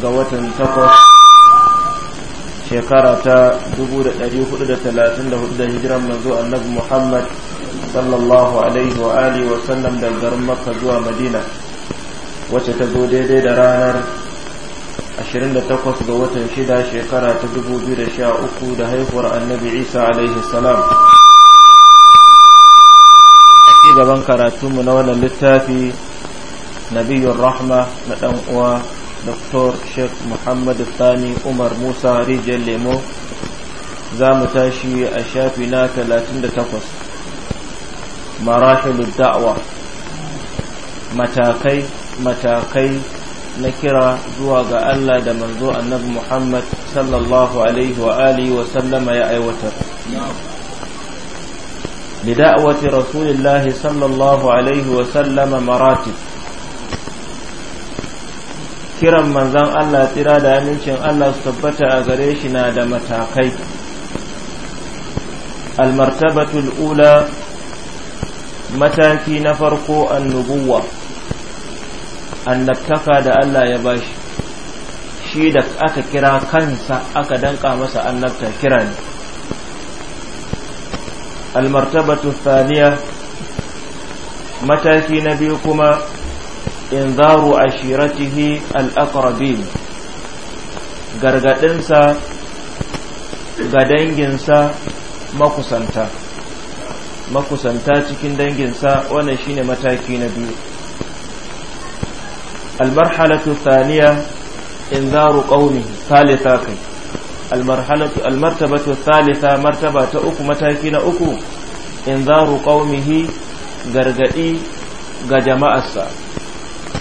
ga watan takwas shekara ta 434 da hijiran manzo annabi Muhammad sallallahu alaihi wa alihi wa sallam da garin zuwa Madina wacce ta zo daidai da ranar 28 ga watan shida shekara ta 2013 da haihuwar annabi Isa alaihi salam gaban karatunmu na wannan littafi nabiyun rahma na ɗan uwa Dr. Sheikh Muhammad Thani Umar Musa Rijal Lemo za mu tashi a shafi na 38 marahilu da'wa matakai matakai na kira zuwa ga Allah da manzo annabi Muhammad sallallahu alaihi wa alihi wa sallama ya aiwatar بدعوة رسول الله صلى الله عليه وسلم مراتب kiran manzan Allah tsira da amincin Allah su tabbata a gare shi na da matakai almartabatul ula mataki na farko annubuwa annabtaka da Allah ya bashi shi da aka kira kansa aka danka masa annabta kira ne almartabatu thaniya mataki na biyu kuma inzaru ashiratihi al-aqrabin gargadinsa ga danginsa makusanta makusanta cikin danginsa wannan shine mataki na biyu almarhalatu thaniya inzaru qaumi thalitha kai almarhalatu almartabatu thalitha martaba ta uku mataki na uku inzaru qaumihi gargadi ga jama'arsa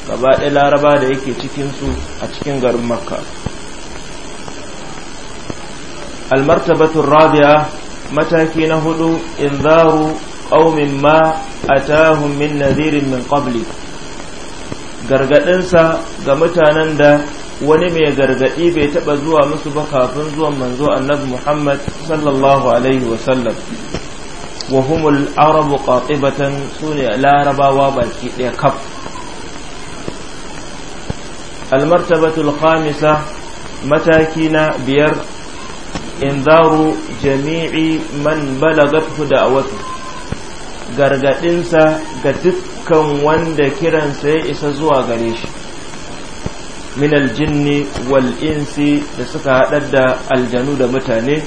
gabaɗaya laraba da yake cikinsu a cikin garin makka almartabatun rabia mataki na hudu in zaru ƙaumin ma a tahun min nazirin min ƙabli gargaɗinsa ga mutanen da wani mai gargaɗi bai taɓa zuwa musu ba kafin zuwan manzo annabi muhammad sallallahu alaihi wasallam wa humul arabu sune larabawa baki ɗaya kaf almartabatul khamisa mataki na biyar inzaru jami'i man balagatu da'awatu gargadinsa ga dukkan wanda kiransa ya isa zuwa gare shi min al-jinni wal insi da suka haɗar da aljanu da mutane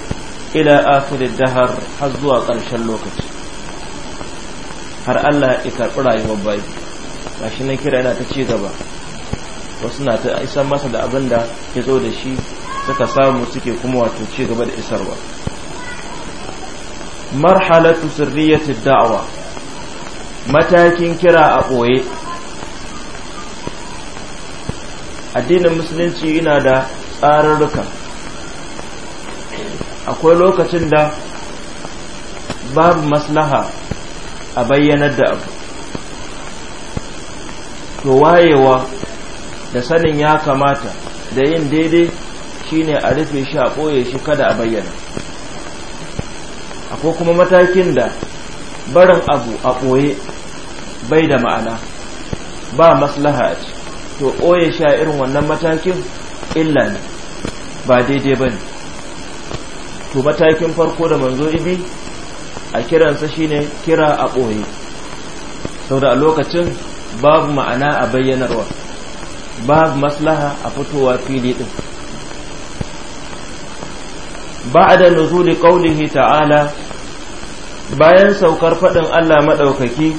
ila afirin dahar har zuwa ƙarshen lokaci har Allah ya karɓi rayuwar bayi shi na kira yana ta ci gaba wasu na ta isa masa da abin da ya zo da shi suka samu suke kuma wato ci gaba da isarwa marhalatu sirriyati da'wa matakin kira a ɓoye addinin musulunci yana da tsararruka akwai lokacin da babu maslaha a bayyanar da abu to wayewa da sanin ya kamata da yin daidai shine a rufe shi a ɓoye shi kada a bayyana akwai kuma matakin da barin abu a ɓoye bai da ma'ana ba maslaha a to ɓoye a irin wannan matakin illa ne ba daidai ba ne to matakin farko da manzo ibi a kiransa shine kira a ɓoye sau da a lokacin babu ma'ana a bayyanarwa babu maslaha a fitowa fili din ba'da nuzuli qawlihi ta'ala bayan saukar faɗin Allah maɗaukaki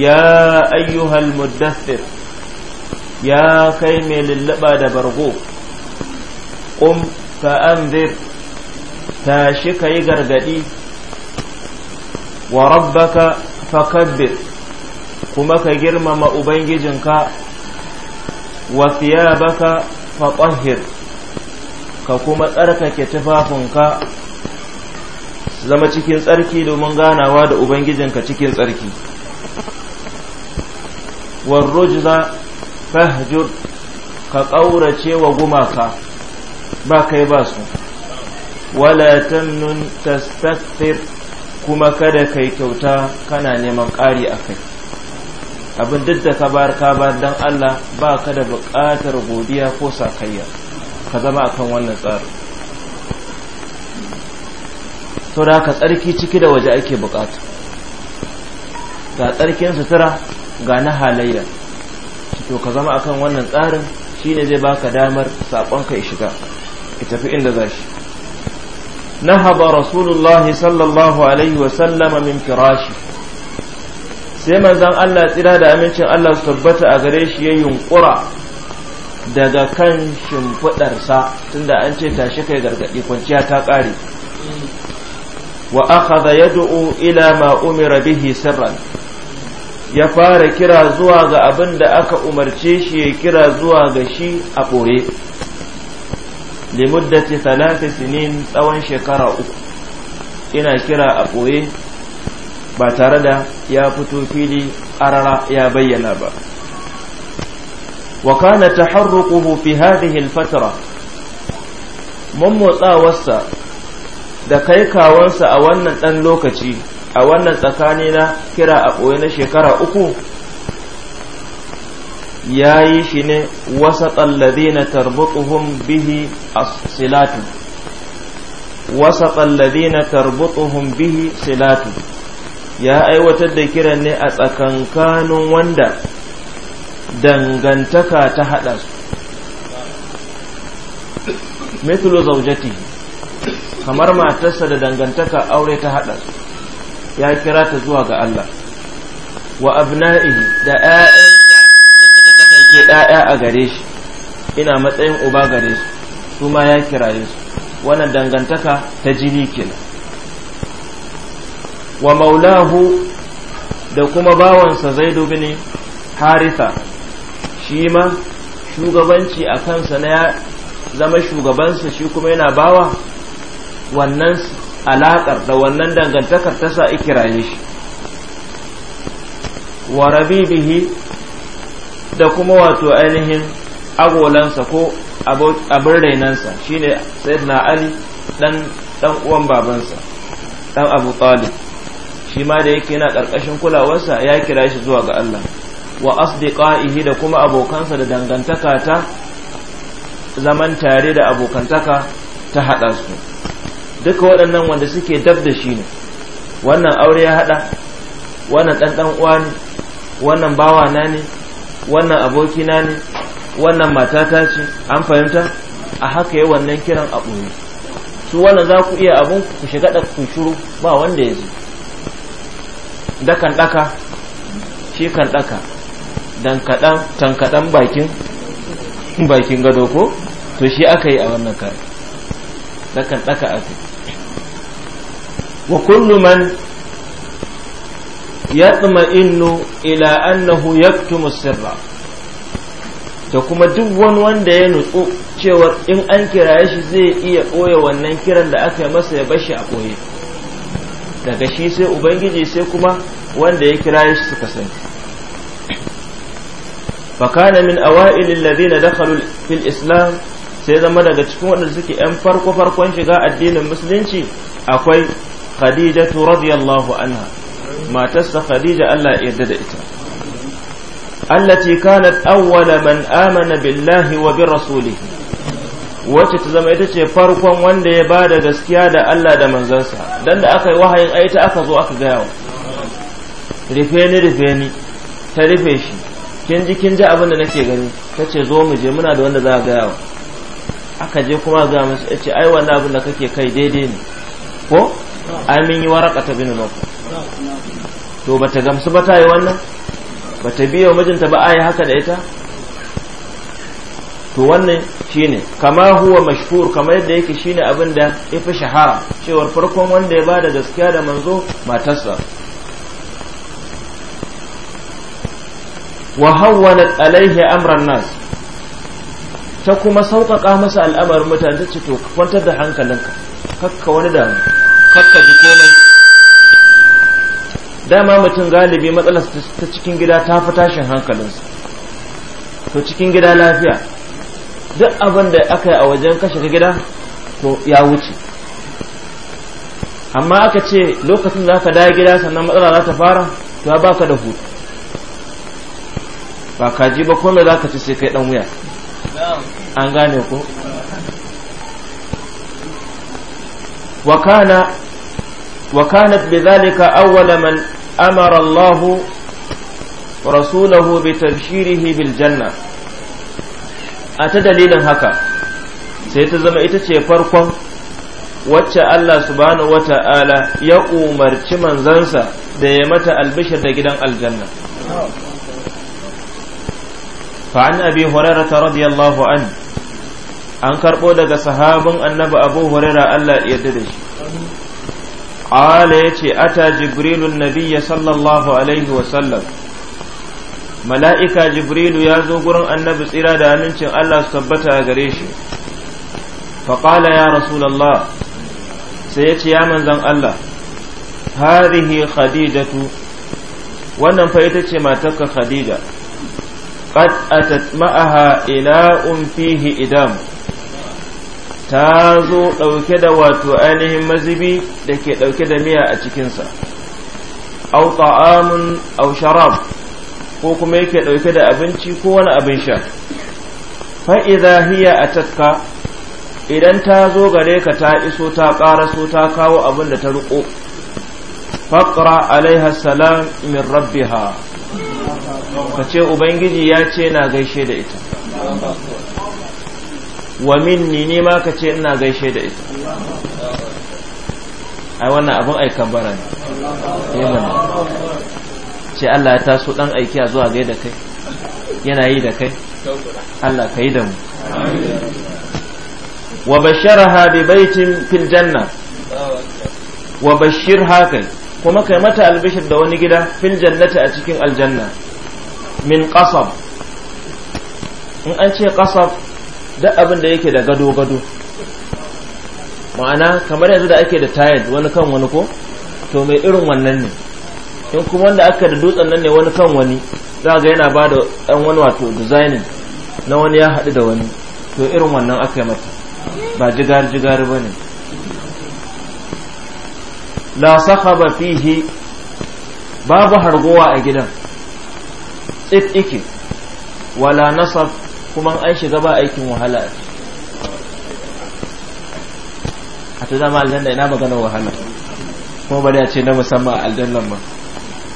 ya ayyuhal muddathir ya kai mai lullaba da bargo qum fa anzir tashi kai gargadi wa rabbaka fakabbir kuma ka girmama ubangijinka wa fa tahhir ka kuma tsarkake tufafinka zama cikin tsarki domin ganawa da ubangijinka cikin tsarki rujza fahjur ka ƙaurace wa gumaka ba kai ba su wala tamnun tastakthir kuma kada kai kyauta kana neman ƙari a kai abin duk da ka bayar ka bayar dan Allah ba ka da buƙatar godiya ko sakayya ka zama akan wannan tsari sau da haka tsarki ciki da waje ake buƙata ga tsarkin sutura ga na halayya to ka zama akan wannan tsarin shine zai baka damar saƙonka ya shiga ka tafi inda za shi nahaba rasulullah sallallahu alaihi wasallama min firashi sai manzan Allah tsira da amincin Allah su tabbata a gare shi ya yunkura daga kan shimfiɗarsa tunda an ce tashi kai gargaɗi kwanciya ta ƙare wa akhadha yad'u ila ma umira bihi sirran ya fara kira zuwa ga abin da aka umarce shi ya kira zuwa ga shi a ɓore limuddati talata sinin tsawon shekara uku ina kira a ɓoye ba tare da ya fito fili arara ya bayyana ba wakana kana taharruquhu fi hadhihi al mummotsawarsa da kai kawansa a wannan ɗan lokaci a wannan tsakani na kira a ɓoye na shekara uku ya yi shi ne wasa tsallade na bihi a silatu wasa tsallade na bihi silatu ya aiwatar da kiran ne a tsakankanin wanda dangantaka ta haɗa su mithlu zaujati kamar matarsa da dangantaka aure ta haɗa su ya kira ta zuwa ga Allah wa abna'ihi da ƴaƴansa da a gare shi ina matsayin uba gare su ma ya kiraye su wannan dangantaka ta jini kenan wa maulahu da kuma bawansa zaidu bin haritha shi ma shugabanci a kansa na ya zama shugabansa shi kuma yana bawa wannan alaƙar da wannan dangantakar ta sa ikiraye shi wa rabibihi da kuma wato ainihin agolansa ko abin rainansa shine na ali dan uwan babansa dan abu talib shi ma da yake yana ƙarƙashin kulawarsa ya kira shi zuwa ga Allah wa asdiqaihi da kuma abokansa da dangantaka ta zaman tare da abokantaka ta haɗa su duka waɗannan wanda suke dab da shi ne wannan aure ya hada wannan ɗanɗan uwa ne wannan bawa na ne wannan aboki na ne wannan matata ce an fahimta a haka yi wannan kiran a ɓoye su wannan za ku iya abun ku shiga da ku ba wanda ya ji dakan daka shi kan daka dan kadan tankadan bakin bakin gado ko to shi aka yi a wannan kar dakan daka ake wa kullu man innu ila annahu yaktumu sirra da kuma duk wani wanda ya nutsu cewar in an kiraye shi zai iya ɓoye wannan kiran da aka yi masa ya bashi a ɓoye daga shi sai ubangiji sai kuma wanda ya kira shi suka sani fakana min awa'ilil ladina dakhalu fil islam sai zama daga cikin waɗanda suke yan farko farkon shiga addinin musulunci akwai khadijatu radiyallahu anha matarsa khadija Allah ya yarda da ita allati kanat awwala man amana billahi wa bi rasulihi wacce ta zama ita ce farkon wanda ya ba da gaskiya da Allah da manzansa don da aka yi wahayin ai ta aka zo aka gaya wa rufe ni rufe ni ta rufe shi kin ji kin ji abin da nake gani ta ce zo mu je muna da wanda za a gaya wa aka je kuma ga masu ya ce ai wannan abin da kake kai daidai ne ko mun yi waraka ta binu mako to ba ta gamsu ba ta yi wannan ba ta biya mijinta ba a yi haka da ita to wannan shine kama huwa mashhur kamar yadda yake shine abin da ya fi shahara cewar farkon wanda ya bada gaskiya da manzo matarsa wa hawwalat alaihi amran nas ta kuma sauƙaƙa masa al'amarin mutane ta ce to kwantar da hankalinka kakka wani damu kakka ji komai dama mutum galibi matsalar ta cikin gida ta fi tashin hankalinsa to cikin gida lafiya duk abin da aka yi a wajen kashe gida to ya wuce amma aka ce lokacin za ka dawo gida sannan matsala za ta fara to ya baka da hutu ba ka ji ba kome za ka ci sai kai dan wuya an gane ko وكان وكانت بذلك أول من أمر الله ورسوله بتبشيره بالجنة a ta dalilin haka sai ta zama ita ce farkon wacce Allah subhanahu wata'ala ya umarci manzansa da ya mata albishir da gidan aljanna فعن أبي هريرة رضي الله an karɓo daga sahabin annabi abu huraira Allah ya da shi qala yace ata jibrilun nabiyya sallallahu alaihi sallam mala'ika jibrilu ya zo gurin annabi tsira da amincin Allah su tabbata gare shi faƙala ya rasulallah sai ya ce ya manzan Allah harihi khadijatu wannan fa ita ce matarka khadija qad atat ma'aha um fihi idam ta zo ɗauke da wato ainihin mazibi da ke ɗauke da miya a cikinsa au ta'amun au sharab ko kuma yake ɗauke da abinci ko wani abin sha fa'iza hiya a tatka idan ta zo gare ka ta iso ta ƙaraso ta kawo abin da ta riƙo faƙra alaiha salam min rabbiha ka ce ubangiji ya ce na gaishe da ita wa minni ne ma ka ce ina gaishe da ita ai wannan abin aikan bara ne ce Allah ya taso dan aiki a zuwa gaida kai yana yi da kai Allah ka yi da mu wa basharaha bi baitin fil janna wa bashir haka kuma kai mata albishir da wani gida fil jannati a cikin aljanna min qasab in an ce qasab duk abin da yake da gado gado ma'ana kamar yanzu da ake da tayal wani kan wani ko to mai irin wannan ne in kuma wanda aka da dutsen nan ne wani kan wani za ga yana ba da ɗan wani wato designing na wani ya haɗu da wani to irin wannan aka yi mata ba jigar-jigar ba ne la ba fihi babu hargowa a gidan tsit ike wala nasab kuma an shiga ba aikin wahala a ta zama aljanda ina maganar wahala kuma ba da ce na musamman aljannan ba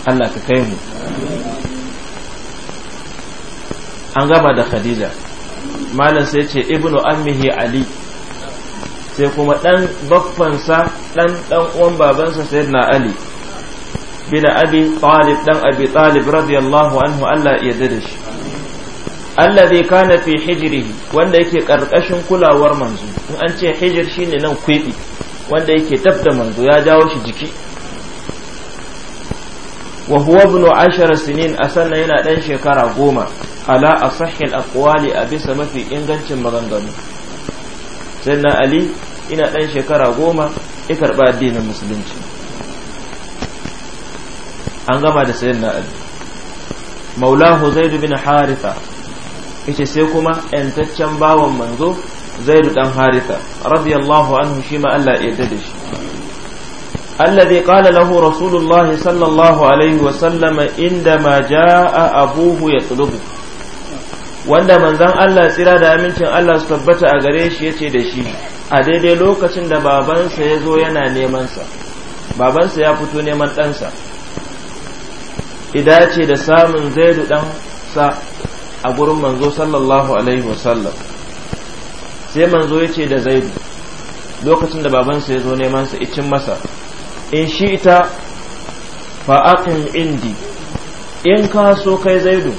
Allah ka kai mu an gama da khadija malam sai ce ibnu ammihi ali sai kuma dan baffansa dan dan uwan babansa sayyidina ali bin abi talib dan abi talib radiyallahu anhu Allah ya yarda da shi alladhi kana fi hijrihi wanda yake karkashin kulawar manzo in an ce hijir shine nan kwibi wanda yake dab da manzo ya jawo shi jiki wa huwa ibn ashara sinin a sannan yana ɗan shekara goma ala a sahil aqwali a bisa mafi ingancin maganganu sannan ali ina ɗan shekara goma ya karɓa addinin musulunci an gama da sayyidina ali maulahu zaidu bin haritha yace sai kuma yantaccen bawan manzo zaidu dan haritha radiyallahu anhu shi ma Allah ya yarda da shi الذي قال له رسول الله صلى الله عليه وسلم عندما جاء أبوه يطلبه wanda manzan Allah tsira da amincin Allah su tabbata a gare shi yace da shi a daidai lokacin da babansa ya zo yana nemansa babansa ya fito neman ɗansa ida ce da samun zaidu ɗansa a gurin manzo sallallahu alaihi wasallam sai manzo ya ce da zaidu lokacin da babansa ya zo nemansa icin masa in e, shi ita fa'aƙin indi in ka so kai zaidu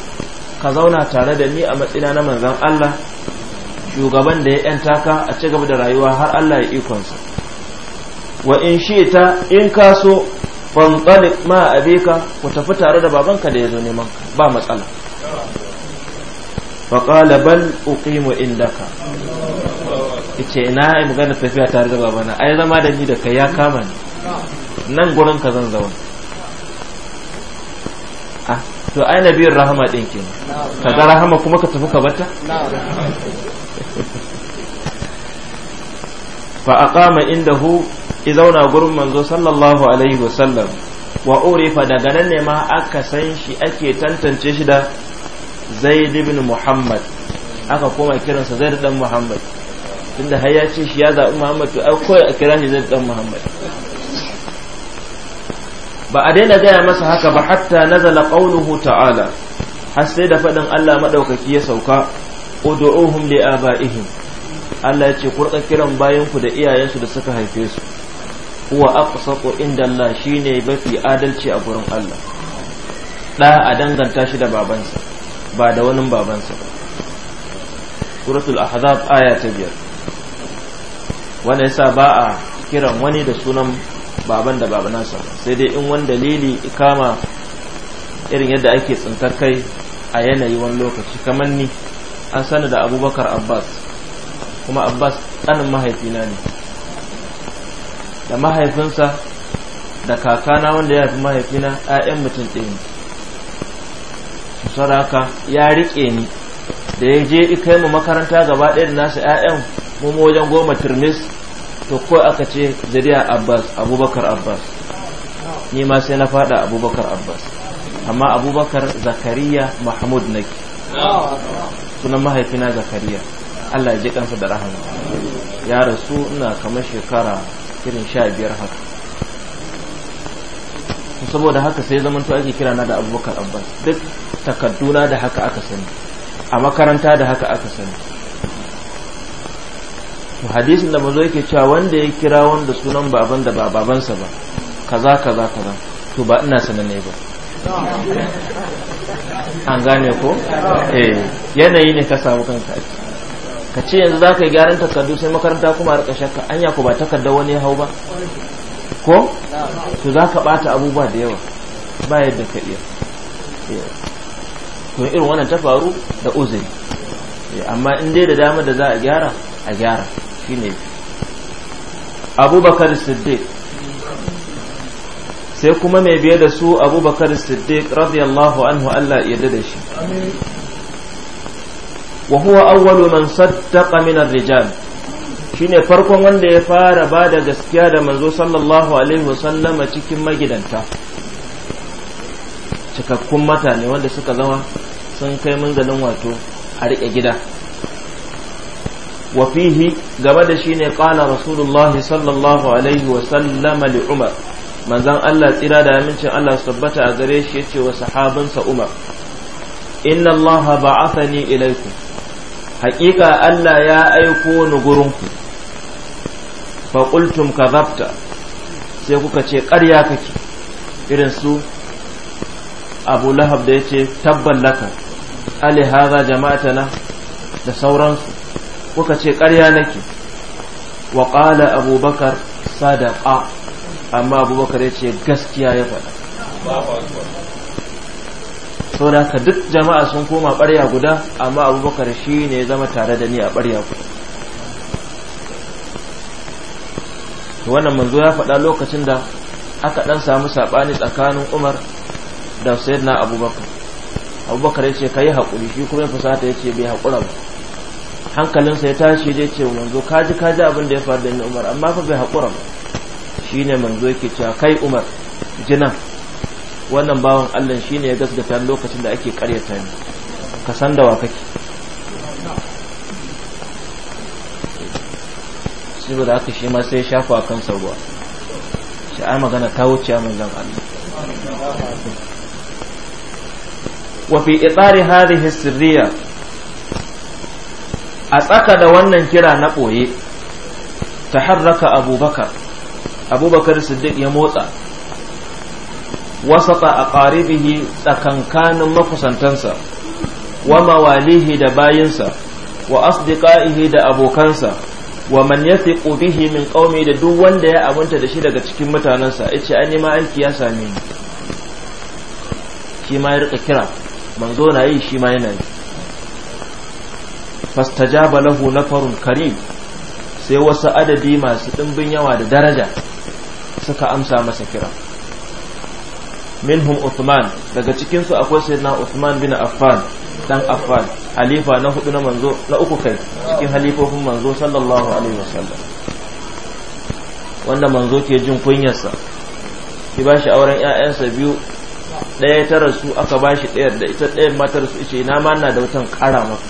ka zauna tare da ni a matsina na manzan Allah shugaban da ya ‘yanta ka a ci gaba da rayuwa har Allah ya ikonsa wa in shi ta in ka so ƙwanƙwani ma ka ku tafi tare da babanka da ya zo neman ba matsala faƙala bal uqimu indaka na ina magana tafiya tare da babana ai zama da ni da kai ya kama ni nan gurin ka zan zauna ah to ai nabiyar rahama din kenan ka ga rahama kuma ka tafi ka bata fa aqama indahu izauna gurin manzo sallallahu alaihi wasallam wa urifa daga nan ne ma aka san shi ake tantance shi da zaid ibn muhammad aka koma kiransa zaid dan muhammad tunda har ya ce shi ya zaɓi muhammad to ai kawai a kira shi zaid dan muhammad ba a daina gaya masa haka ba hatta nazala ƙaunuhu ta'ala har sai da faɗin Allah madaukaki ya sauka ud'uuhum li aba'ihim Allah ya ce kurka kiran bayan ku da iyayensu da suka haife su huwa aqsaqu inda Allah shine mafi adalci a gurin Allah da a danganta shi da babansa ba da wani babansa suratul ahzab aya ta biyar wannan yasa ba a kiran wani da sunan baban da babana nasa sai dai in wani dalili ikama irin yadda ake tsintar kai a yanayi wani lokaci kamar ni an sani da abubakar abbas kuma abbas ɗanin mahaifina ne da mahaifinsa da kakana wanda ya fi mahaifina 'ya'yan mutum ɗaya ne saraka ya riƙe ni da ya je ikai mu makaranta gaba ɗaya da nasa 'ya'yan mu wajen goma turmis to ko aka ce zariya abbas abubakar abbas ni ma sai na fada abubakar abbas amma abubakar zakariya mahmud nake sunan mahaifina zakariya allah ya ji kansa da rahama ya rasu ina kamar shekara irin sha biyar haka saboda haka sai zaman to ake kira na da abubakar abbas duk takadduna da haka aka sani a makaranta da haka aka sani to hadisin da mazo yake cewa wanda ya kira wanda sunan baban da ba babansa ba kaza kaza kaza to ba ina sananne ba an gane ko eh yanayi ne ka samu kanka ka ce yanzu za ka yi gyaran takardu sai makaranta kuma a rika shakka anya ku ba takardar wani ya hau ba ko to za ka bata abubuwa da yawa ba yadda ka iya eh, to irin wannan ta faru da uzuri eh, amma in dai da dama da za a gyara a gyara shine abubakar siddiq sai kuma mai biye da su abubakar siddiq radiyallahu anhu Allah yarda da shi wa huwa awwalu man saddaqa min ar-rijal shine farkon wanda ya fara ba da gaskiya da manzo sallallahu alaihi wasallama cikin magidanta cikakkun mata ne wanda suka zama sun kai munzalin wato a rike gida وفيه قبل شين قال رسول الله صلى الله عليه وسلم لعمر من ذن الله ترى دامنش الله ثبت أغريش يتي وصحابا سأمر إن الله بعثني إليكم حقيقة ألا يا أيكون قرنكم فقلتم كذبت سيكوكا تي قرياكك إرنسو أبو لهب ديتي تبا لك ألي هذا جماعتنا da sauransu kuka ce ƙarya nake wa ƙala abubakar sadaka amma abubakar ya ce gaskiya ya faɗa sau da ka duk jama'a sun koma ɓarya guda amma abubakar shi ne ya zama tare da ni a ɓarya guda wannan manzo ya faɗa lokacin da aka ɗan samu saɓani tsakanin umar da sayyidina abubakar abubakar ya ce ka yi haƙuri shi kuma ya fusata ya ce bai haƙura ba hankalinsa ya tashi ya ce manzo kaji kaji abin da ya faru da ni umar amma fa bai haƙura ba shine manzo yake cewa kai umar jinan wannan bawan allah shine ya gaskata lokacin da ake karyata ni ka san da wa kake saboda haka shi ma sai shafa kansa ruwa shi a magana ta wuce a manzon allah wa fi itsari hadhihi sirriya a tsaka da wannan kira na ɓoye ta harraka abubakar abubakar siddiq ya motsa wasata a ƙaribihi tsakankanin makusantansa wa mawalihi da bayinsa wa asdiqaihi da abokansa wa man yathiqu bihi min qaumi da duk wanda ya abunta da shi daga cikin mutanansa yace an ma aiki ya same ni shi ma ya rika kira manzo na yi shi ma yana yi fastajaba lahu nafarun karim sai wasu adadi masu ɗimbin yawa da daraja suka amsa masa kira minhum Uthman daga cikinsu akwai sayyidina Uthman bin Affan dan Affan halifa na hudu na manzo na uku kai cikin halifofin manzo sallallahu alaihi wasallam wanda manzo ke jin kunyarsa ki bashi auren 'ya'yansa biyu ɗaya ta rasu aka bashi ɗaya da ita ɗayan matar su ice na ma na da wutan ƙara maka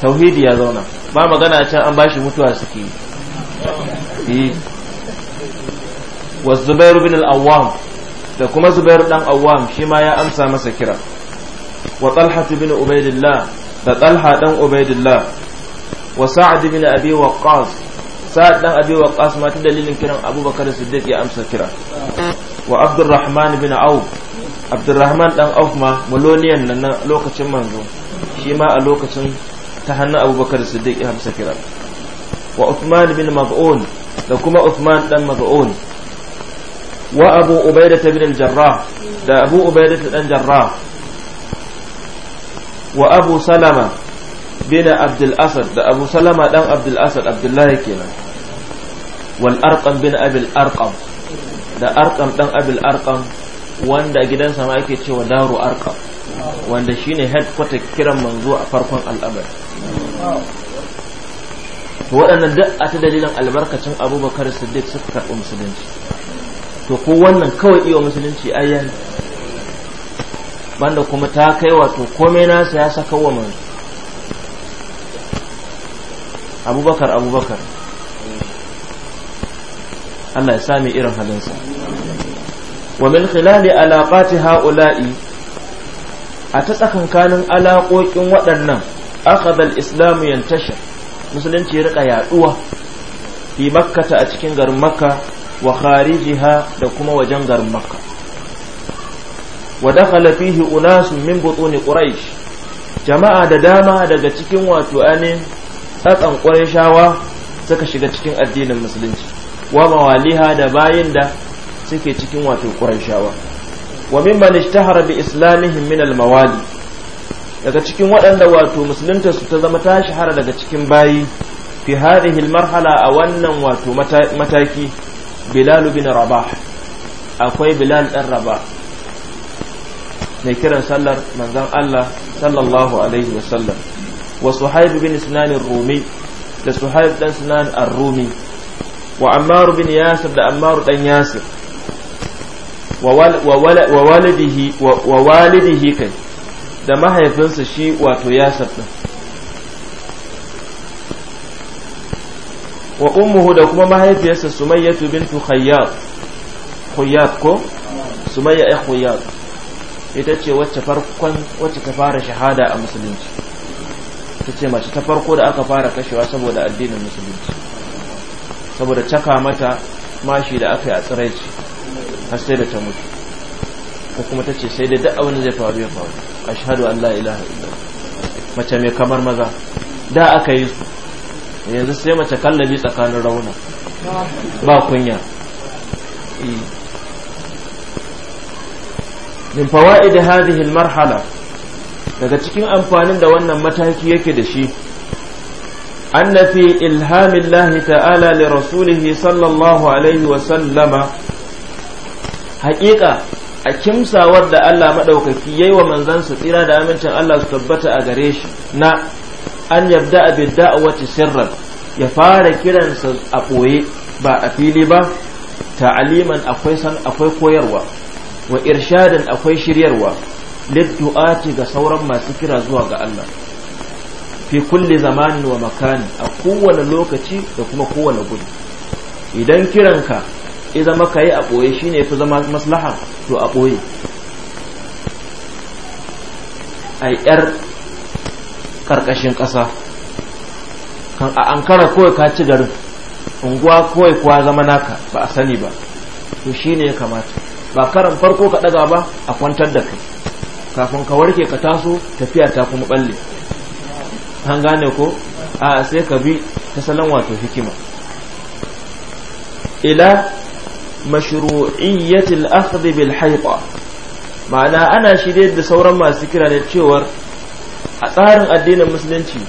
tauhidi ya zauna ba magana can an bashi mutuwa suke yi wa zubairu bin al da kuma zubairu dan Awam shi ma ya amsa masa kira wa talhatu bin ubaidillah da talha dan ubaidillah wa sa'ad bin abi waqqas sa'ad dan abi waqqas ma ta dalilin kiran abubakar siddiq ya amsa kira wa abdurrahman bin auf abdurrahman dan auf ma maloniyan nan lokacin manzo shi ma a lokacin ta hannun abubakar siddiq ya hamsa kira wa uthman bin maz'un da kuma uthman dan maz'un wa abu ubaida bin jarrah da abu ubaida dan jarrah wa abu salama bin abdul asad da abu salama dan abdul asad abdullahi kenan wal arqam bin abil arqam da arqam dan abil arqam wanda gidansa ma ake cewa daru arqam wanda shi shine headquarter kiran manzo a farkon al'amari to waɗannan duk a ta dalilin albarkacin abubakar siddiq suka karɓi musulunci to ko wannan kawai iya musulunci ayyan banda kuma ta kai wato komai nasa ya saka wa manzo abubakar abubakar Allah ya sami irin halinsa wa min khilali alaqati ha'ula'i a ta tsakankanin alaƙoƙin waɗannan akhadha islamu tashar yantashar musulunci rika yaɗuwa fi makkata a cikin garin makka wa kharijiha da kuma wajen garin makka wa dakhala fihi unasun min butuni quraish jama'a da dama daga cikin wato ane tsatsan qurayshawa suka shiga cikin addinin musulunci wa mawaliha da bayan da suke cikin wato qurayshawa wa mimman ishtahara bi islamihim min al-mawali daga cikin waɗanda wato musulunta su ta zama ta shahara daga cikin bayi fi hadhihi al-marhala a wannan wato mataki bilal bin rabah akwai bilal dan rabah mai kiran sallar manzon Allah sallallahu alaihi wasallam wa suhaib bin sinan ar-rumi da suhaib dan sinan ar-rumi wa ammar bin yasir da ammar dan yasir wa walidihi kai da mahaifinsa shi wato ya din wa ummuhu da kuma mahaifiyarsa sumayyatu bintu khayyab khayyab ko sumayya ay khayyab ita ce wacce farkon wacce ta fara shahada a musulunci ita ce mace ta farko da aka fara kashewa saboda addinin musulunci saboda caka mata mashi da aka yi a tsiraici har sai da ta mutu ko kuma ta ce sai da duk abin da zai faru ya faru ashhadu an allah ilaha illa mace mai kamar maza da aka yi su yanzu sai mace kallabi tsakanin rauna ba kunya e. min fawaid hadhihi almarhala daga cikin amfanin da wannan mataki yake da shi anna fi ilhamillahi ta'ala li rasulihi sallallahu alaihi wa sallama haƙiƙa a kimsawar da Allah maɗaukaki ya yi wa manzansa tsira da amincin Allah su tabbata a gare shi na an yabda a bidda a wace sirran ya fara kiransa a ɓoye ba a fili ba ta'aliman akwai san akwai koyarwa wa irshadin akwai shiryarwa liddu'ati ga sauran masu kira zuwa ga Allah fi kulli zamanin wa makani a kowane lokaci da kuma kowane gudu idan kiranka ya zama kayi a ɓoye shi ne fi zama maslaha to a ɓoye a yar ƙarƙashin ƙasa kan a ankara kawai ka ci garin unguwa kawai kuwa zama naka ba a sani ba to shi ne ya kamata ba karan farko ka ɗaga ba a kwantar da kai kafin ka warke ka taso tafiya ta kuma ɓalle an gane ko a sai ka bi ta salon wato hikima ila mashru'iyyatil akhdh bil hayta ma'ana ana shirye da sauran masu kira da cewar a tsarin addinin musulunci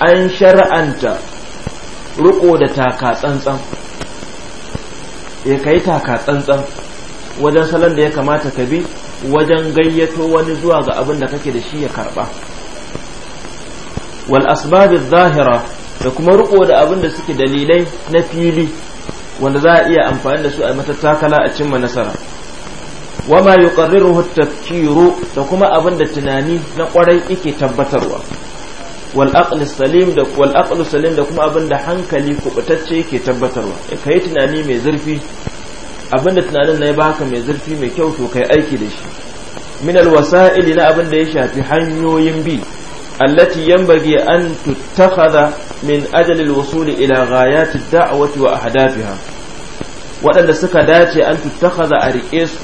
an shar'anta ruko da taka tsantsan ya kai taka tsantsan wajen salon da ya kamata ka bi wajen gayyato wani zuwa ga abin da kake da shi ya karba wal asbab zahira da kuma ruko da abin da suke dalilai na fili wanda za a iya amfani da su a matattakala a cimma nasara wama yuqarriruhu at-tafkiru da kuma abin da tunani na kwarai yake tabbatarwa wal salim da kuma abin da hankali kubutacce yake tabbatarwa kai tunani mai zurfi abin da tunanin ba baka mai zurfi mai kyau to kai aiki da shi min al wasa'il na abin da ya shafi hanyoyin bi allati yanbagi an tuttakhadha min ajalil wusuli ila ghayati da'wati wa ahdafiha waɗanda suka dace an tuttakhadha a riƙe su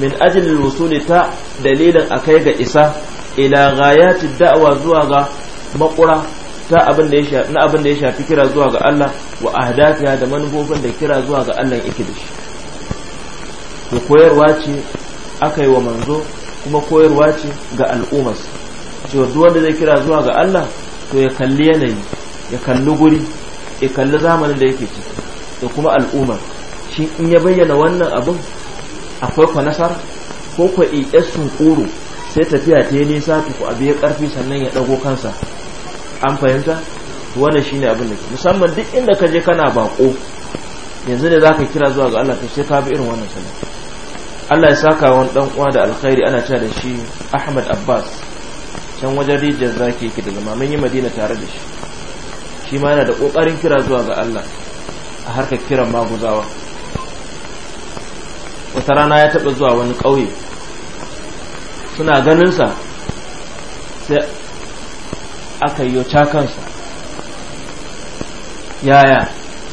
min ajalil wusuli ta dalilin akai ga isa ila ghayati da'wa zuwa ga makura ta abin da ya shafi na abin da ya shafi kira zuwa ga Allah wa ahdafiha da manufofin da kira zuwa ga Allah yake da shi koyarwa ce aka wa manzo kuma koyarwa ce ga al'ummas cewa duk wanda zai kira zuwa ga Allah to ya kalli yanayi ya kalli guri ya kalli zamanin da yake ciki da kuma al'umma shi in ya bayyana wannan abin akwai kwa nasar ko kwa iƙes sun sai tafiya ta yi nisa ku abu ya karfi sannan ya ɗago kansa an fahimta wannan shine abin da ke musamman duk inda ka je kana bako yanzu za zaka kira zuwa ga Allah to sai ka bi irin wannan sallah Allah ya saka wa dan uwa da alkhairi ana cewa da shi Ahmad Abbas can wajen rijiyar zaki yake daga yi Madina tare da shi shi ma yana da ƙoƙarin kira zuwa ga Allah a harkar kiran maguzawa wata rana ya taɓa zuwa wani ƙauye suna ganin sa sai aka yi cakansa yaya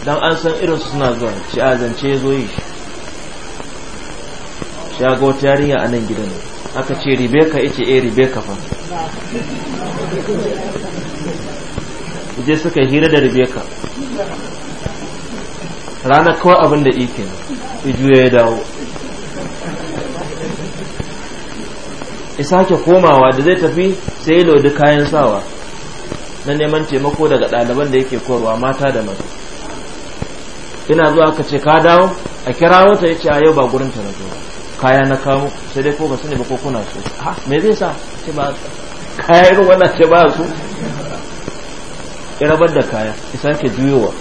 don an san irinsu suna zuwa ci a zance zo yi shi ya ga wata yarinya a nan gidan aka ce ribeka ice eh, ribe ribeka fa je suka hira da rebeka rana kawai abin da ike ya ya dawo ya sake komawa da zai tafi sai lodi kayan sawa na neman taimako daga ɗaliban da yake korwa mata da mata ina zuwa ka ce ka dawo a kira wata ya ce a yau ba gurin ta na zo kaya na kamo sai dai ko ba su ne ba ko kuna su ha me zai sa ce ba su kaya irin wannan ce ba su ya rabar da kaya ya sake juyowa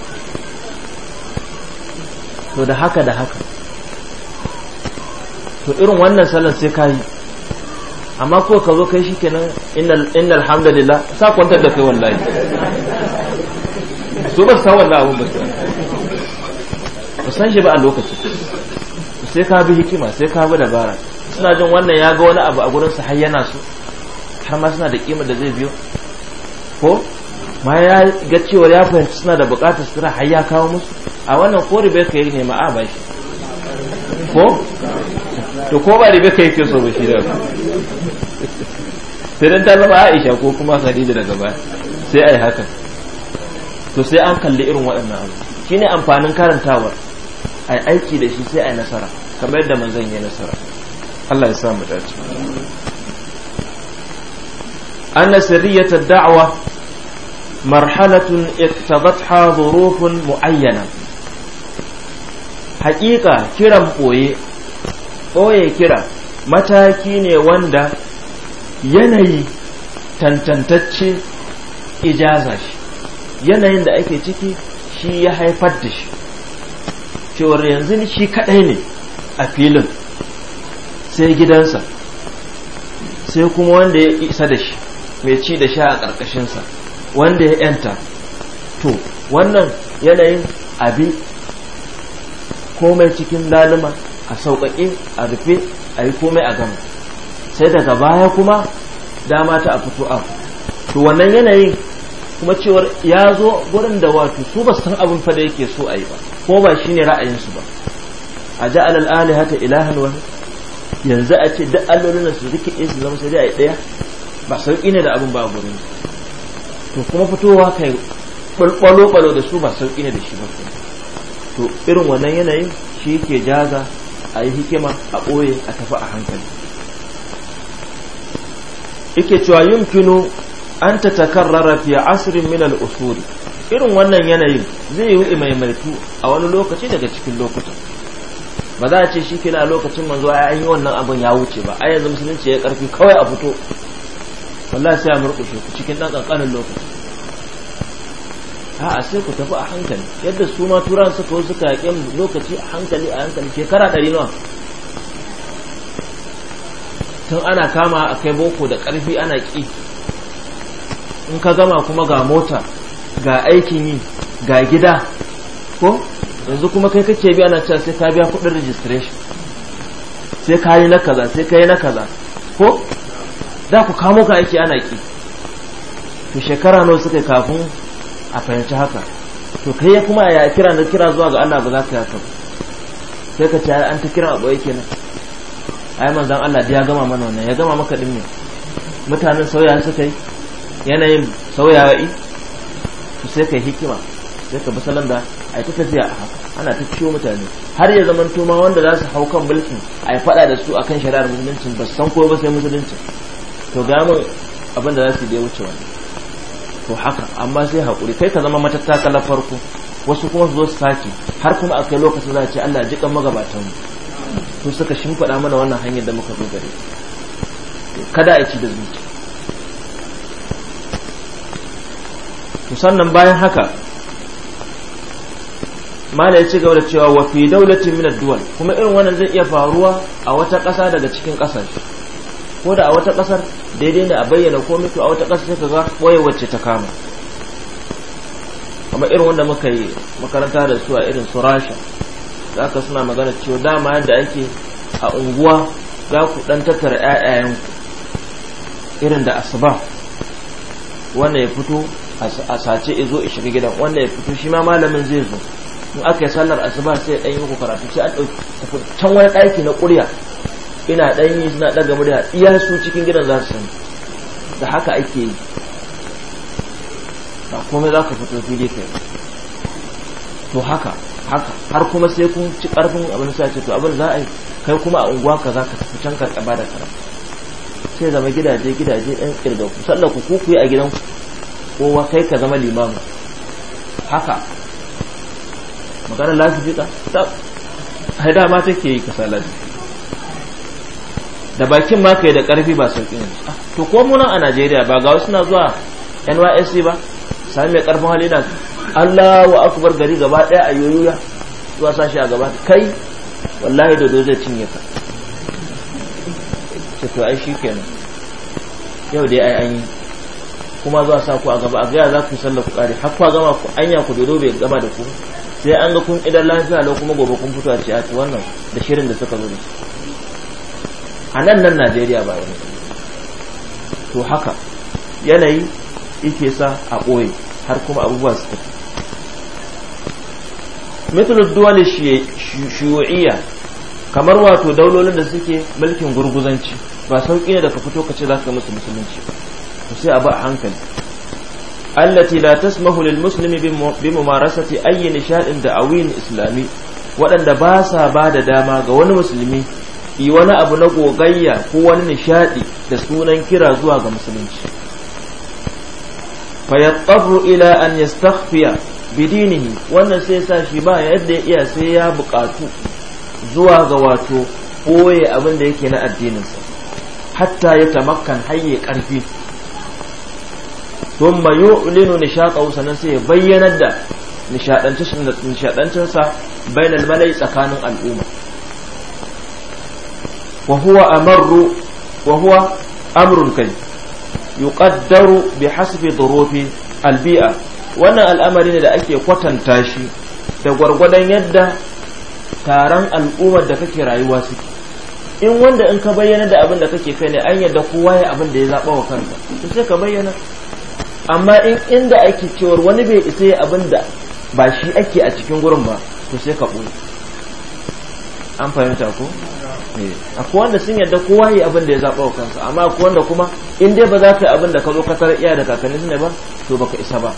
to da haka da haka to irin wannan sallar sai ka yi amma ko ka zo kai shi kenan inna alhamdulillah sa kwantar da kai wallahi su ba san wannan abun ba ba san shi ba a lokaci sai ka bi hikima sai ka bi dabara suna jin wannan ya ga wani abu a gurin su har yana har ma suna da kima da zai biyo ko ma ya ga cewar ya fahimci suna da bukatar sutura har ya kawo musu a wannan ko ka yi nema a bashi ko to ko ba ka yake so ba shi da sai dan ta zama aisha ko kuma khadija daga baya sai ai haka to sai an kalli irin waɗannan abu shine amfanin karantawar ai aiki da shi sai ai nasara kamar yadda manzon ya nasara Allah ya sa mu dace أن سرية الدعوة marhalatun iktabatha zurufun mu'ayyana haƙiƙa kiran ɓoye ɓoye kira mataki ne wanda yanayi tantantacce ijaza shi yanayin da ake ciki shi ya haifar da shi cewar yanzu shi kaɗai ne a filin sai gidansa sai kuma wanda ya isa da shi mai ci da sha a ƙarƙashinsa wanda ya yanta to wannan yanayin abi komai cikin laluma a sauƙaƙe a rufe a yi komai a gama sai daga baya kuma dama ta a fito a to wannan yanayin kuma cewar ya zo gurin da wato su ba san abin faɗa yake so a yi ba ko ba shi ne ra'ayinsu ba a ja al'ali hata ilahan wani yanzu a ce duk allolin su rike su zama sai dai a yi ɗaya ba sauƙi ne da abin ba a gurin su to kuma fitowa kai ɓalɓalo ɓalo da su ba sauƙi ne da shi ba to irin wannan yanayin shi ke jaza a yi hikima a ɓoye a tafi a hankali yake cewa yumkinu an ta takarrara fi asrin min al-usuri irin wannan yanayin zai yi mai maimaitu a wani lokaci daga cikin lokutan ba za a ce shi kina lokacin manzo ai an yi wannan abin ya wuce ba ai yanzu musulunci ya karfi kawai a fito wallahi sai a murƙushe ku cikin ɗan ƙanƙanin lokaci a'a sai ku tafi a hankali yadda su ma turan suka wasu mu lokaci a hankali a hankali shekara ɗari nawa tun ana kama a kai boko da ƙarfi ana ƙi in ka gama kuma ga mota ga aikin yi ga gida ko yanzu kuma kai kake biya na cewa sai ka biya kuɗin registration sai ka yi na kaza sai ka yi na kaza ko za ku kamo ka aiki ana ki to shekara nawa suka kafin a fahimci haka to kai ya kuma ya kira na kira zuwa ga Allah ba za ka yi haka sai ka ce an ta kira a ɓoye kenan ai manzon Allah ya gama mana wannan ya gama maka din ne mutanen sauya suka yi yanayin sauyawa yi to sai ka yi hikima sai ka bi salon da a ta tafiya a haka ana ta ciwo mutane har ya zaman tuma wanda za su hau kan mulkin a yi faɗa da su akan shari'ar musulunci ba san ko ba sai musulunci to ga mu abin da za su wuce wani to haka amma sai haƙuri kai ka zama matattakalar farko wasu kuma su zo su sake har kuma a kai lokacin za a ce Allah jikan magabatan mu to suka shimfiɗa mana wannan hanyar da muka zo gare kada a ci da zuci to sannan bayan haka mala ya ci gaba da cewa wa fi daulatin min duwal kuma irin wannan zai iya faruwa a wata ƙasa daga cikin ƙasashe ko da a wata kasar daidai ne a bayyana ko mutu a wata kasar sai kaga boye wacce ta kama amma irin wanda muka yi makaranta da su a irin su rasha za ka suna magana cewa dama yadda ake a unguwa za ku dan tattara ƴaƴayen irin da asuba wanda ya fito a sace izo ya shiga gidan wanda ya fito shi ma malamin zai zo in aka yi sallar asuba sai ɗan yi muku karatu sai a ɗauki can wani ɗaki na ƙurya ina ɗan yi na daga murya iya su cikin gidan za su san da haka ake yi ba komai za ka fito fili kai to haka haka har kuma sai kun ci ƙarfin abin sa ce to abin za a yi kai kuma a unguwa ka za ka tafi can ka ba da kara sai zama gidaje gidaje ɗan ƙirga ku sallar ku ku yi a gidan kowa kai ka zama limamu haka magana lafi fiƙa ta haida ma take yi ka salafi da bakin ma kai da karfi ba sauƙin to ko mu nan a Najeriya ba ga wasu na zuwa NYSC ba sami mai karfin hali na Allahu akbar gari gaba daya a yoyoya zuwa sashi a gaba kai wallahi dodo zai cinye ka ce to ai shikenan yau dai ai an yi kuma zuwa sa ku a gaba a gaya za ku sallar ku kare har kwa gama ku anya ku dodo bai gama da ku sai an ga kun idan lafiya lau kuma gobe kun fito a ce a wannan da shirin da suka zo da shi a nan nan najeriya ba wani to haka yanayi ike sa a ɓoye har kuma abubuwa su tafi mitulus duwani shiwa'iyya kamar wato daulolin da suke mulkin gurguzanci ba sauƙi ne da ka fito ka ce za ka musu musulunci ba sai a ba a hankali allati la tasmahu lil muslimi bi mumarasati ayyi nishadin da awin islami waɗanda ba sa ba da dama ga wani musulmi yi wani abu na gogayya ko wani nishadi da sunan kira zuwa ga musulunci fayattabu ila an yastakhfiya bidinihi wannan sai sa shi ba yadda ya iya sai ya buƙatu zuwa ga wato koye abin da yake na addininsa hatta ya tamakkan hayye ƙarfi tun ba yu'linu nishaɗau sannan sai ya bayyanar da nishaɗancinsa bainal malai tsakanin al'umma wa huwa amarru wa huwa amrun kai yuqaddaru bi albi'a wannan al'amari ne da ake kwatanta shi da gwargwadon yadda taron al'ummar da kake rayuwa suke in wanda in ka bayyana da abin da kake kai an yadda kowa ya abin da ya zaba wa kanka to sai ka bayyana amma in inda ake cewa wani bai isa ya abin da ba shi ake a cikin gurin ba to sai ka ɓoye an fahimta ko Eh, akwai wanda sun yarda kowa yi abin da ya zaɓa wa kansa amma akwai wanda kuma in dai ba za ka yi abin da ka zo kasar iya da kakanni su ne ba to ba ka isa ba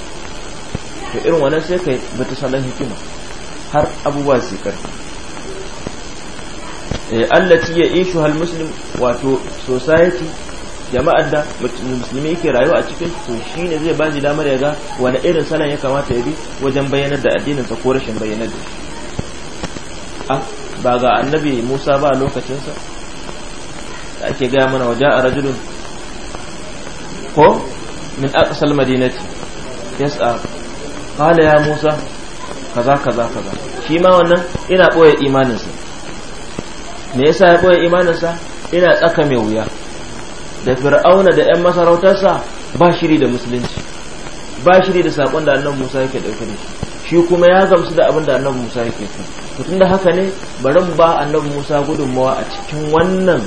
to irin wannan sai ka ba ta salon hikima har abubuwa su karfi eh, allati ya ishu hal muslim wato society jama'ar da musulmi yake rayuwa a cikin to ne zai ba damar ya ga wani irin salon ya kamata ya bi wajen bayyanar da addinin sa ko rashin bayyanar da shi ah, ba ga annabi Musa ba lokacinsa da ake gaya mana waje a rajulun ko min aqsal madinati yas'a qala ya Musa kaza kaza kaza shi ma wannan ina ɓoye imaninsa me yasa ya ɓoye imaninsa ina tsaka mai wuya da fir'auna da 'yan masarautarsa ba shiri da musulunci ba shiri da saƙon da annan musa yake ɗauke da shi shi kuma ya gamsu da abin da annabi musa yake so to da haka ne bari ba annabi musa gudunmawa a cikin wannan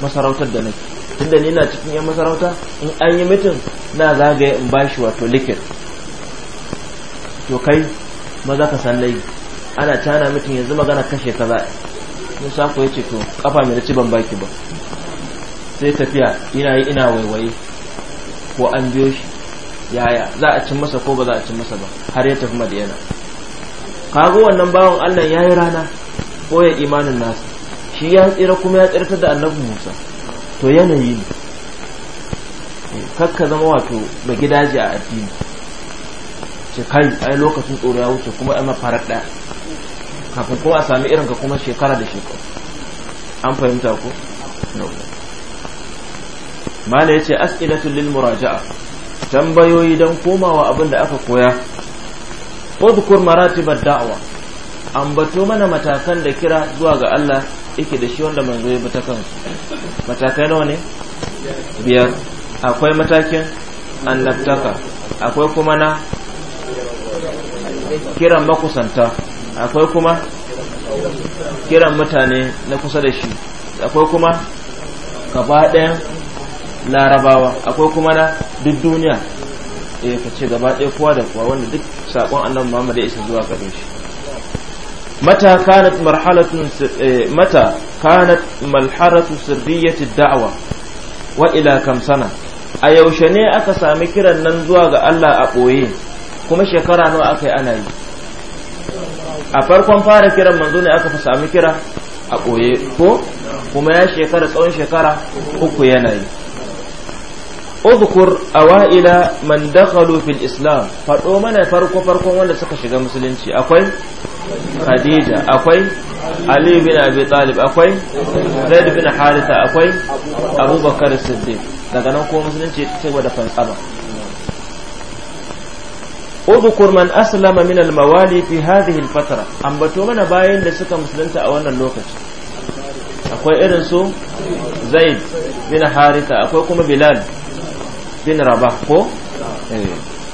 masarautar da nake tunda ni na cikin yan masarauta in an yi mutum na zagaye in bashi wato likit to kai maza ka san laifi ana cana mitin yanzu magana kashe kaza musa ko yace to kafa mai ci ban baki ba sai tafiya ina yi ina waiwaye ko an biyo shi yaya za a cin masa ko ba za a cin masa ba har ya tafi madiyana kago wannan bawan allah ya yi rana ko ya imanin nasa shi ya tsira kuma ya tsirtar da annabi musa to yanayi ne eh, kakka zama wato da gidaje a addini ce kai ai lokacin tsoro ya wuce kuma ana farar ɗaya kafin kuma a sami irin ka kuma shekara da shekara an fahimta ko? mala ya ce as'ilatul lil muraja'a tambayoyi don komawa abin da aka koya udhkur maratibar da'awa ambato mana matakan da kira zuwa ga Allah yake da shi wanda manzo ya bata kansu matakai nawa ne biyar akwai matakin annabtaka akwai kuma na kiran makusanta akwai kuma kiran mutane na kusa da shi akwai kuma gaba ɗayan larabawa akwai kuma na duk duniya e ka ce gaba ɗaya kowa da kowa wanda duk sakon annabi Muhammad ya isa zuwa gare shi mata kanat marhalatu eh, mata kanat malharatu sirriyati da'wa wa ila kam sana a yaushe ne aka sami kiran nan zuwa ga Allah a ɓoye kuma shekara nawa aka yi ana yi a farkon fara kiran manzo ne aka fi sami kira a ɓoye ko kuma ya shekara tsawon shekara uku yana yi udhkur awaila man dakhalu fil islam faɗo mana farko farkon wanda suka shiga musulunci akwai khadija akwai ali bin abi talib akwai zaid bin haritha akwai abubakar siddiq daga nan ko musulunci ta gwada fantsama man aslama min al mawali fi hadhihi al fatra ambato mana bayan da suka musulunta a wannan lokaci akwai irin su zaid bin haritha akwai kuma bilal bin rabah ko eh,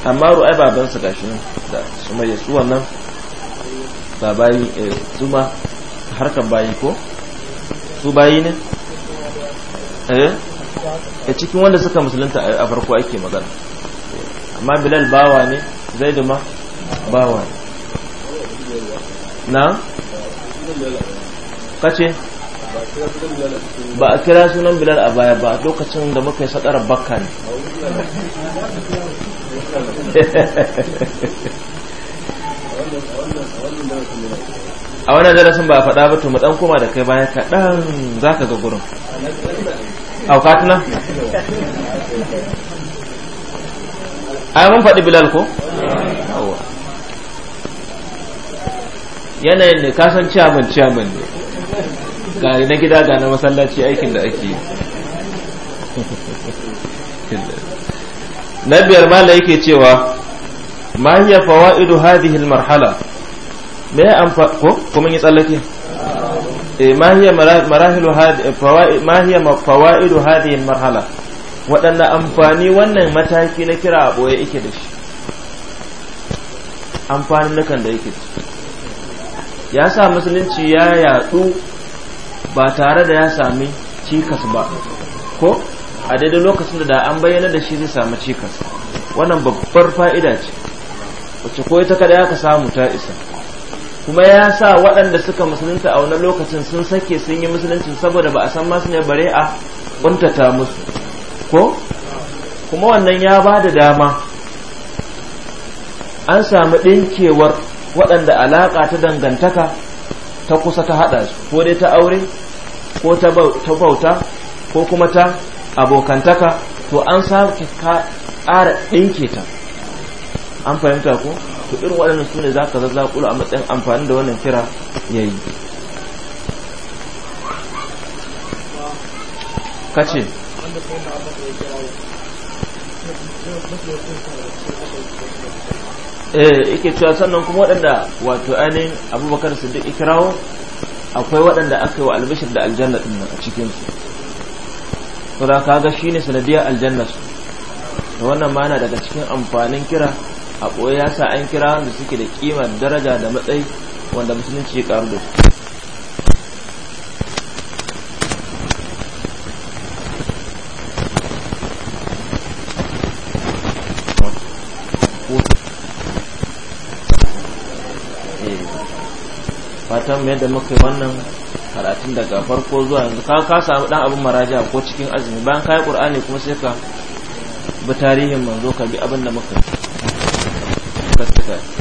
amma ru'ai babansa gashi nan da su mai su wannan ba bayi eh, su ma harkar bayi ko su bayi ne eh a eh, cikin wanda suka musulunta a farko ake magana amma bilal bawa ne zai ma bawa ne na kace ba a kira sunan bilal a baya ba lokacin da muka yi sadarar bakka ne a wannan darasin ba a faɗa ba to mu dan koma da kai baya kaɗan za ka ga gurin aukatuna ai mun faɗi bilal ko yanayin ne kasan ciyaman ciyaman ne ga na gida ga na masallaci aikin da ake na biyar mala yake cewa ma hiya fawaidu hadhihi almarhala me ya amfa ko kuma yi tsallake eh ma hiya marahilu hadhihi fawaid ma hiya fawaidu hadhihi almarhala amfani wannan mataki na kira a ya yake da shi amfanin nukan da yake ya sa musulunci ya yatsu ba tare da ya sami cikas ba ko a daidai lokacin da an bayyana da shi zai sami cikas wannan babbar fa'ida ce wacce ko ita kada ka samu ta isa kuma ya sa waɗanda suka musulunta a wani lokacin sun sake sun yi musuluncin saboda ba a san masu ne bare a ƙuntata musu ko kuma wannan ya ba da dama an samu ɗinkewar waɗanda alaƙa ta dangantaka ta kusa ta hada su ko dai ta aure ko ta bauta ko kuma ta abokantaka to an sake ƙara ɗinke ta an fahimta ko to irin waɗannan su ne za ka kula a matsayin amfani da wannan kira ya yi ka eh yake cewa sannan kuma waɗanda wato ainihin abubakar su duk ikirawo akwai waɗanda aka yi wa albishir da aljanna ɗin a cikinsu su da ka ga shine sanadiyar aljanna su da wannan mana daga cikin amfanin kira a ɓoye ya sa an kira wanda suke da kima daraja da matsayi wanda musulunci ya ƙaru da su maimaita mai da muka wannan karatun daga farko zuwa yanzu ka ka samu dan abin maraja ko cikin azumi bayan kai qur'ani kuma sai ka bi tarihin manzo ka bi abin da muka yi